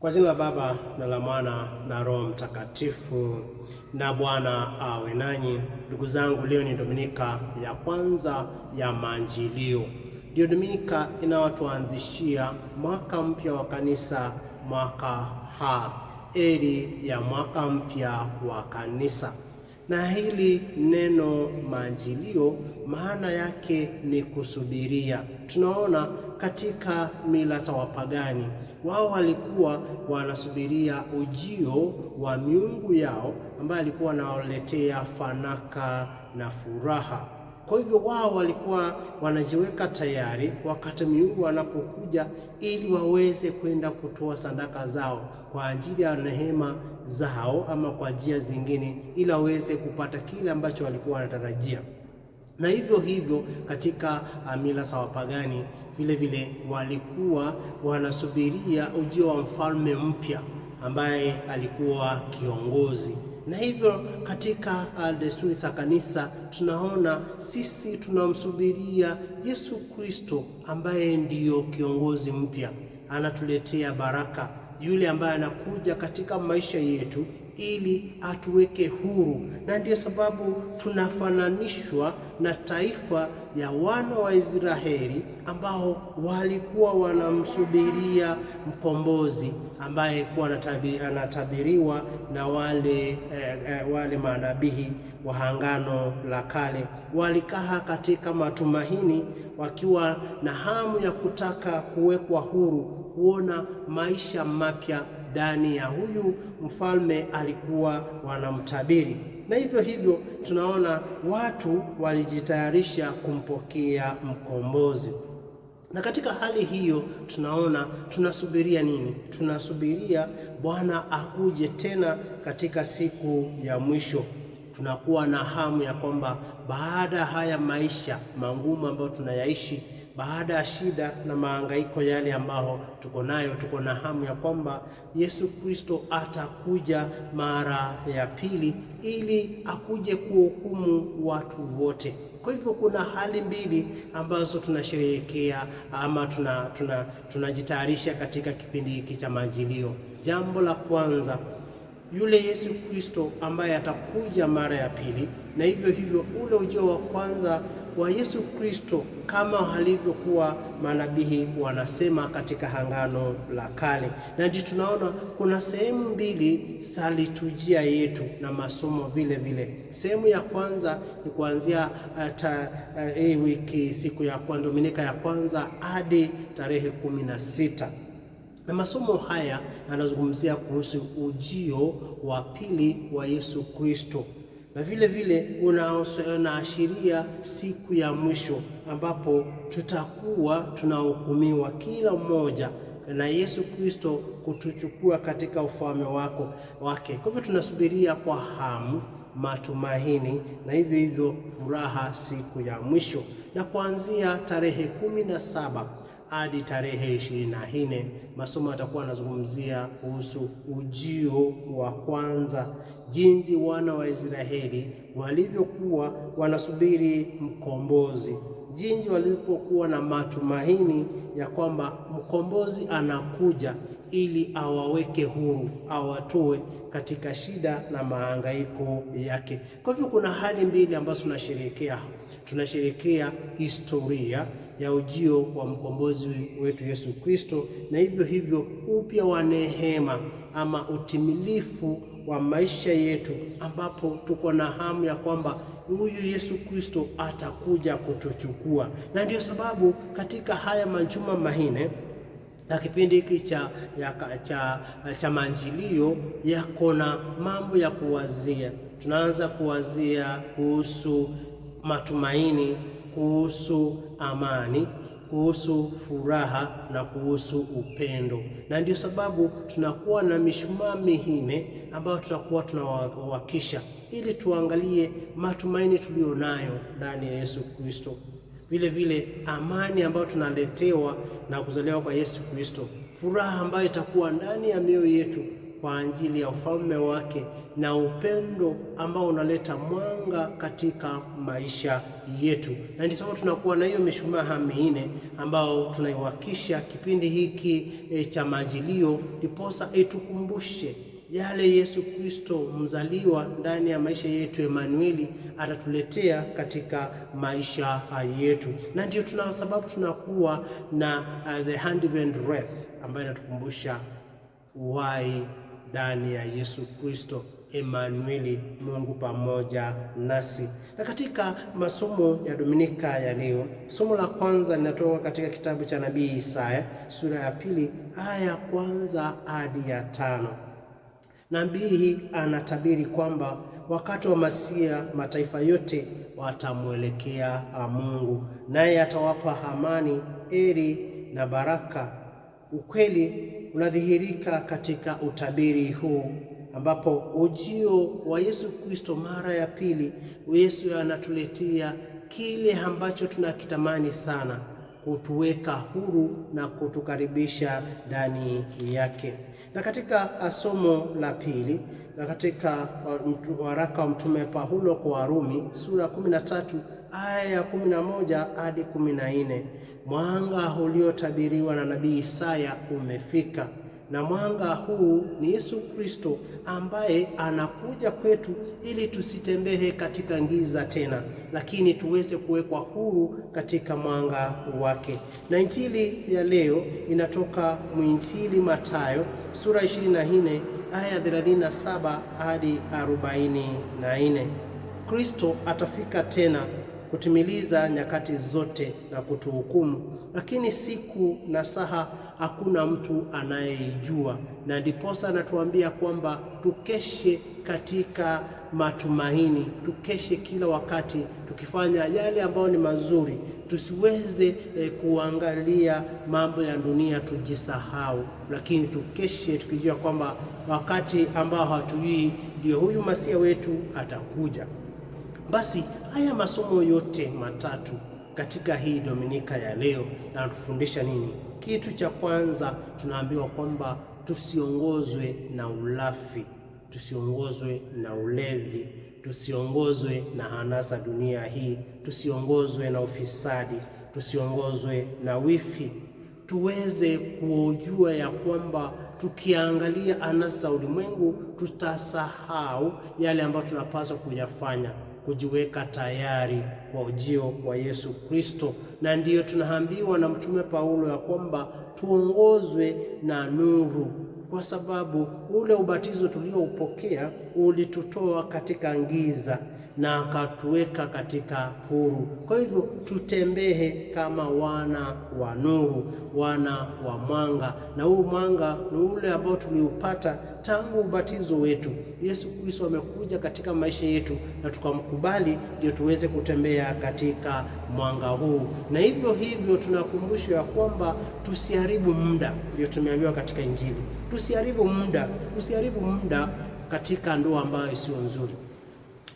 Kwa jina la Baba na la Mwana na Roho Mtakatifu. Na Bwana awe nanyi. Ndugu zangu, leo ni dominika ya kwanza ya Maajilio, ndiyo dominika inayotuanzishia mwaka mpya wa kanisa, mwaka ha eri ya mwaka mpya wa kanisa. Na hili neno manjilio maana yake ni kusubiria. Tunaona katika mila za wapagani. Wao walikuwa wanasubiria ujio wa miungu yao ambaye alikuwa anawaletea fanaka na furaha. Kwa hivyo wao walikuwa wanajiweka tayari wakati miungu wanapokuja, ili waweze kwenda kutoa sadaka zao kwa ajili ya nehema zao ama kwa njia zingine, ili waweze kupata kile ambacho walikuwa wanatarajia. Na hivyo hivyo katika ah, mila za wapagani vile vile walikuwa wanasubiria ujio wa mfalme mpya ambaye alikuwa kiongozi. Na hivyo katika ah, desturi za kanisa tunaona sisi tunamsubiria Yesu Kristo ambaye ndiyo kiongozi mpya, anatuletea baraka, yule ambaye anakuja katika maisha yetu ili atuweke huru, na ndiyo sababu tunafananishwa na taifa ya wana wa Israeli ambao walikuwa wanamsubiria mkombozi ambaye kuwa anatabiriwa na wale, eh, eh wale manabii wa Agano la Kale. Walikaa katika matumaini wakiwa na hamu ya kutaka kuwekwa huru, kuona maisha mapya ndani ya huyu mfalme alikuwa wanamtabiri, na hivyo hivyo tunaona watu walijitayarisha kumpokea mkombozi. Na katika hali hiyo tunaona tunasubiria nini? Tunasubiria Bwana akuje tena katika siku ya mwisho. Tunakuwa na hamu ya kwamba baada ya haya maisha magumu ambayo tunayaishi baada ya shida na mahangaiko yale ambayo tuko nayo, tuko na hamu ya kwamba Yesu Kristo atakuja mara ya pili ili akuje kuhukumu watu wote. Kwa hivyo kuna hali mbili ambazo tunasherehekea ama tunajitayarisha tuna, tuna katika kipindi hiki cha Majilio. Jambo la kwanza yule Yesu Kristo ambaye atakuja mara ya pili, na hivyo hivyo ule ujio wa kwanza wa Yesu Kristo kama alivyokuwa manabii wanasema katika Hangano la Kale. Na ndio tunaona kuna sehemu mbili za liturujia yetu na masomo vile vile. Sehemu ya kwanza ni kuanzia eh, eh, hii uh, wiki siku ya kwanza Dominika ya kwanza hadi tarehe kumi na sita na masomo haya yanazungumzia kuhusu ujio wa pili wa Yesu Kristo na vile vile unaashiria siku ya mwisho ambapo tutakuwa tunahukumiwa kila mmoja na Yesu Kristo kutuchukua katika ufalme wako wake. Kwa hivyo tunasubiria kwa hamu, matumaini na hivyo hivyo furaha siku ya mwisho. Na kuanzia tarehe kumi na saba hadi tarehe ishirini na nne. Masomo yatakuwa yanazungumzia kuhusu ujio wa kwanza, jinsi wana wa Israeli walivyokuwa wanasubiri mkombozi, jinsi walivyokuwa na matumaini ya kwamba mkombozi anakuja ili awaweke huru, awatoe katika shida na mahangaiko yake. Kwa hivyo kuna hali mbili ambazo tunasherehekea, tunasherehekea historia ya ujio wa mkombozi wetu Yesu Kristo, na hivyo hivyo upya wa neema ama utimilifu wa maisha yetu, ambapo tuko na hamu ya kwamba huyu Yesu Kristo atakuja kutuchukua. Na ndiyo sababu katika haya majuma manne na kipindi hiki cha, cha, cha maanjilio yako na mambo ya kuwazia. Tunaanza kuwazia kuhusu matumaini kuhusu amani, kuhusu furaha na kuhusu upendo. Na ndio sababu tunakuwa na mishumaa mihine ambayo tutakuwa tunawakisha ili tuangalie matumaini tuliyo nayo ndani ya Yesu Kristo, vile vile amani ambayo tunaletewa na kuzaliwa kwa Yesu Kristo, furaha ambayo itakuwa ndani ya mioyo yetu kwa ajili ya ufalme wake na upendo ambao unaleta mwanga katika maisha yetu, na ndio sababu tunakuwa na hiyo mishumaa minne ambao tunaiwakisha kipindi hiki e, cha Majilio, ndiposa itukumbushe yale Yesu Kristo mzaliwa ndani ya maisha yetu Emanueli atatuletea katika maisha yetu, na ndio tuna sababu tunakuwa na uh, the handmaid wreath ambayo inatukumbusha uhai ndani ya Yesu Kristo. Emanueli, Mungu pamoja nasi. Na katika masomo ya Dominika ya leo, somo la kwanza linatoka katika kitabu cha nabii Isaya sura ya pili aya ya kwanza hadi ya tano. Nabii anatabiri kwamba wakati wa Masia mataifa yote watamwelekea Mungu, naye atawapa amani, eri na baraka. Ukweli unadhihirika katika utabiri huu ambapo ujio wa Yesu Kristo mara ya pili, Yesu anatuletea kile ambacho tunakitamani sana, kutuweka huru na kutukaribisha ndani yake. Na katika uh, somo la pili na katika uh, waraka wa Mtume Paulo kwa Warumi sura 13 aya ya kumi na moja hadi kumi na nne mwanga uliotabiriwa na nabii Isaya umefika na mwanga huu ni Yesu Kristo ambaye anakuja kwetu ili tusitembee katika giza tena, lakini tuweze kuwekwa huru katika mwanga wake. Na injili ya leo inatoka mwinjili Mathayo sura 24 aya 37 hadi 44. Kristo atafika tena kutimiliza nyakati zote na kutuhukumu, lakini siku na saha hakuna mtu anayeijua, na ndiposa anatuambia kwamba tukeshe katika matumaini, tukeshe kila wakati tukifanya yale ambayo ni mazuri, tusiweze eh, kuangalia mambo ya dunia tujisahau, lakini tukeshe tukijua kwamba wakati ambao hatujui ndio huyu masia wetu atakuja. Basi haya masomo yote matatu katika hii Dominika ya leo yanatufundisha nini? Kitu cha kwanza tunaambiwa kwamba tusiongozwe na ulafi, tusiongozwe na ulevi, tusiongozwe na hanasa dunia hii, tusiongozwe na ufisadi, tusiongozwe na wifi, tuweze kujua ya kwamba tukiangalia anasa ulimwengu tutasahau yale ambayo tunapaswa kuyafanya kujiweka tayari kwa ujio wa Yesu Kristo, na ndiyo tunaambiwa na Mtume Paulo ya kwamba tuongozwe na nuru, kwa sababu ule ubatizo tulioupokea ulitutoa katika ngiza na akatuweka katika huru. Kwa hivyo tutembehe kama wana wa nuru, wana wa mwanga, na huu mwanga ni ule ambao tuliupata tangu ubatizo wetu. Yesu Kristo amekuja katika maisha yetu na tukamkubali, ndio tuweze kutembea katika mwanga huu. Na hivyo hivyo tunakumbushwa ya kwamba tusiharibu muda, ndio tumeambiwa katika Injili, tusiharibu muda, usiharibu muda katika ndoa ambayo sio nzuri.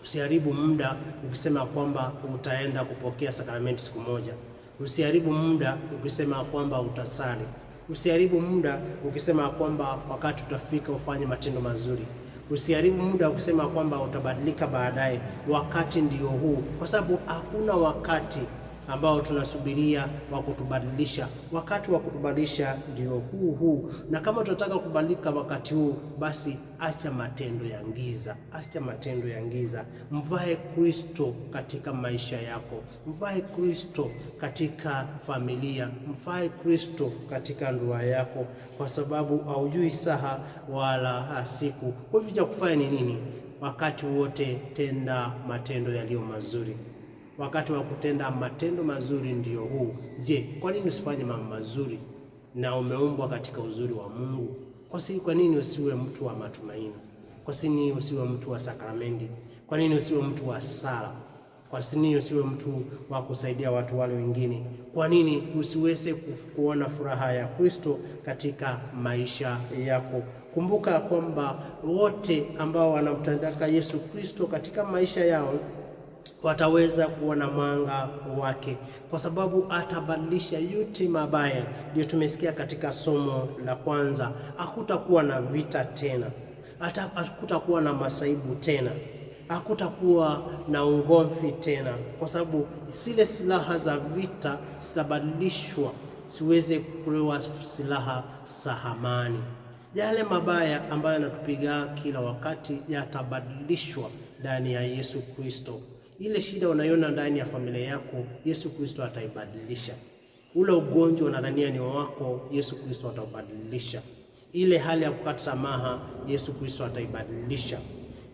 Usiharibu muda ukisema kwamba utaenda kupokea sakramenti siku moja. Usiharibu muda ukisema kwamba utasali. Usiharibu muda ukisema kwamba wakati utafika ufanye matendo mazuri. Usiharibu muda ukisema kwamba utabadilika baadaye, wakati ndio huu, kwa sababu hakuna wakati ambao tunasubiria wa kutubadilisha. Wakati wa kutubadilisha ndio huu huu, na kama tunataka kubadilika wakati huu, basi acha matendo ya ngiza acha matendo ya ngiza Mvae Kristo katika maisha yako, mvae Kristo katika familia, mvae Kristo katika ndoa yako, kwa sababu haujui saha wala siku. Kwa hivyo cha kufanya ni nini? Wakati wote tenda matendo yaliyo mazuri wakati wa kutenda matendo mazuri ndiyo huu. Je, kwa nini usifanye mambo mazuri na umeumbwa katika uzuri wa Mungu? Kwa si, kwa nini usiwe mtu wa matumaini? Kwa nini usiwe mtu wa sakramenti? Kwa nini usiwe mtu wa sala? Kwa nini usiwe mtu wa kusaidia watu wale wengine? Kwa nini usiweze kuona furaha ya Kristo katika maisha yako? Kumbuka kwamba wote ambao wanamtandaka Yesu Kristo katika maisha yao wataweza kuona mwanga wake, kwa sababu atabadilisha yote mabaya. Ndio tumesikia katika somo la kwanza, hakutakuwa na vita tena, hakutakuwa na masaibu tena, hakutakuwa na ugomvi tena, kwa sababu zile silaha za vita zitabadilishwa siweze kupewa silaha za amani. Yale mabaya ambayo yanatupiga kila wakati yatabadilishwa ndani ya Yesu Kristo ile shida unaiona ndani ya familia yako, Yesu Kristo ataibadilisha. Ule ugonjwa unadhania ni wako, Yesu Kristo ataubadilisha. Ile hali ya kukata tamaa, Yesu Kristo ataibadilisha.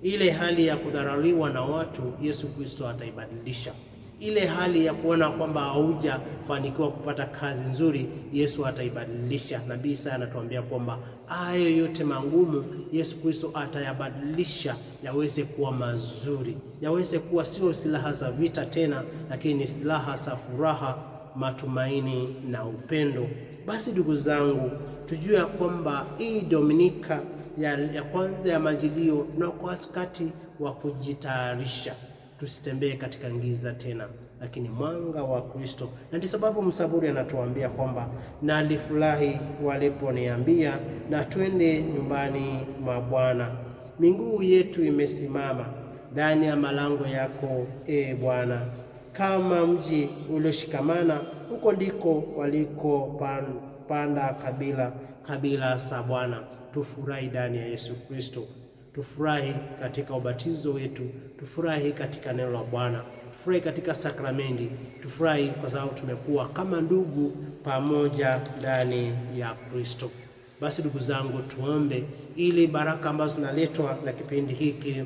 Ile hali ya kudharauliwa na watu, Yesu Kristo ataibadilisha. Ile hali ya kuona kwamba haujafanikiwa kupata kazi nzuri, Yesu ataibadilisha. Nabii Isaya anatuambia kwamba hayo yote magumu Yesu Kristo atayabadilisha yaweze kuwa mazuri, yaweze kuwa sio silaha za vita tena, lakini ni silaha za furaha, matumaini na upendo. Basi ndugu zangu, tujue ya kwamba hii Dominika ya, ya kwanza ya Majilio na wakati wa kujitayarisha, tusitembee katika ngiza tena lakini mwanga wa Kristo. Na ndio sababu msaburi anatuambia kwamba nalifurahi waliponiambia na twende nyumbani mwa Bwana, miguu yetu imesimama ndani ya malango yako, e Bwana. Kama mji ulioshikamana, huko ndiko walikopanda kabila kabila za Bwana. Tufurahi ndani ya Yesu Kristo, tufurahi katika ubatizo wetu, tufurahi katika neno la Bwana. Tufurahi katika sakramenti, tufurahi kwa sababu tumekuwa kama ndugu pamoja ndani ya Kristo. Basi ndugu zangu, tuombe ili baraka ambazo zinaletwa na kipindi hiki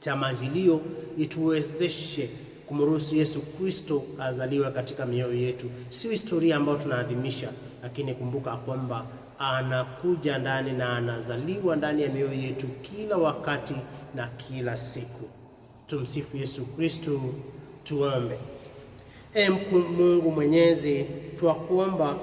cha Majilio ituwezeshe kumruhusu Yesu Kristo azaliwe katika mioyo yetu. Sio historia ambayo tunaadhimisha, lakini kumbuka kwamba anakuja ndani na anazaliwa ndani ya mioyo yetu kila wakati na kila siku. Tumsifu Yesu Kristu. Tuombe. E Mungu Mwenyezi, twakuomba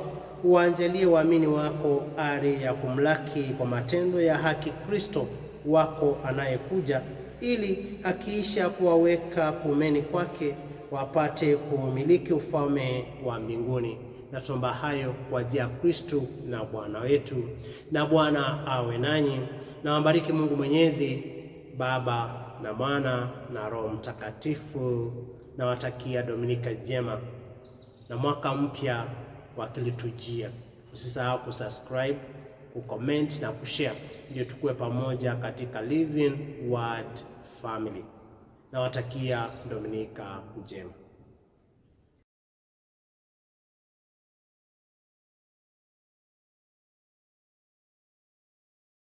uwaanjalie waamini wako ari ya kumlaki kwa matendo ya haki Kristo wako anayekuja, ili akiisha kuwaweka kuumeni kwake wapate kuumiliki ufalme wa mbinguni. Na tomba hayo kwa jia ya na Bwana wetu. Na Bwana awe nanyi, na wabariki Mungu Mwenyezi, Baba na Mwana na Roho Mtakatifu. Nawatakia Dominika njema na mwaka mpya wa kiliturujia. Usisahau kusubscribe, kucomment na kushare, ndio tukue pamoja katika Living Word Family. Nawatakia Dominika njema.